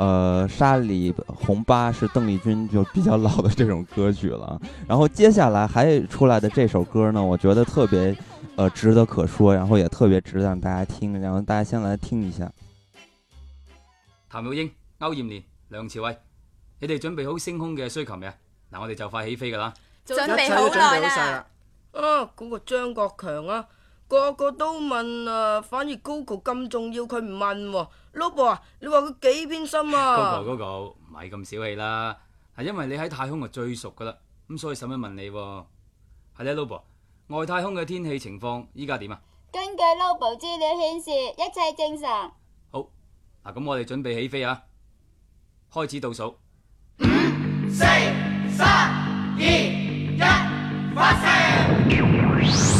呃，沙里紅巴是鄧麗君就比較老的這種歌曲了。然後接下來還出來的這首歌呢，我覺得特別，呃，值得可說，然後也特別值得讓大家聽。然後大家先來聽一下。譚玉瑛、歐艷蓮、梁朝偉，你哋準備好升空嘅需求未啊？嗱，我哋就快起飛噶啦，準備好耐啦。啊、哦，嗰、那個張國強啊。個個都問啊，反而 Google 咁重要，佢唔問喎、啊。老婆你話佢幾偏心啊？Google，Google 唔係咁小氣啦，係因為你喺太空啊最熟噶啦，咁所以使乜問你、啊，係咧老婆，外太空嘅天氣情況依家點啊？根據老婆資料顯示，一切正常。好，嗱咁我哋準備起飛啊，開始倒數，五、四、三、二、一，發射。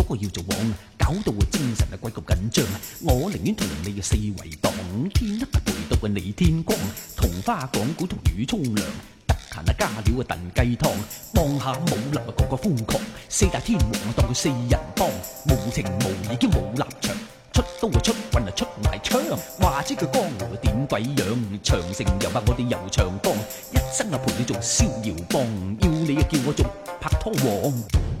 我要做王，搞到我精神啊鬼咁緊張。我寧願同你嘅四圍蕩，天一、啊、陪到個你天光，同花講古同雨沖涼，得閒啊加料啊燉雞湯，望下武林啊個個瘋狂，四大天王啊當佢四人幫，無情無義兼冇立場，出刀啊出棍啊出埋、啊、槍，話、啊、知佢江湖點鬼樣，長城又啊我哋游長江，一生啊陪你做逍遙幫，要你啊叫我做拍拖王。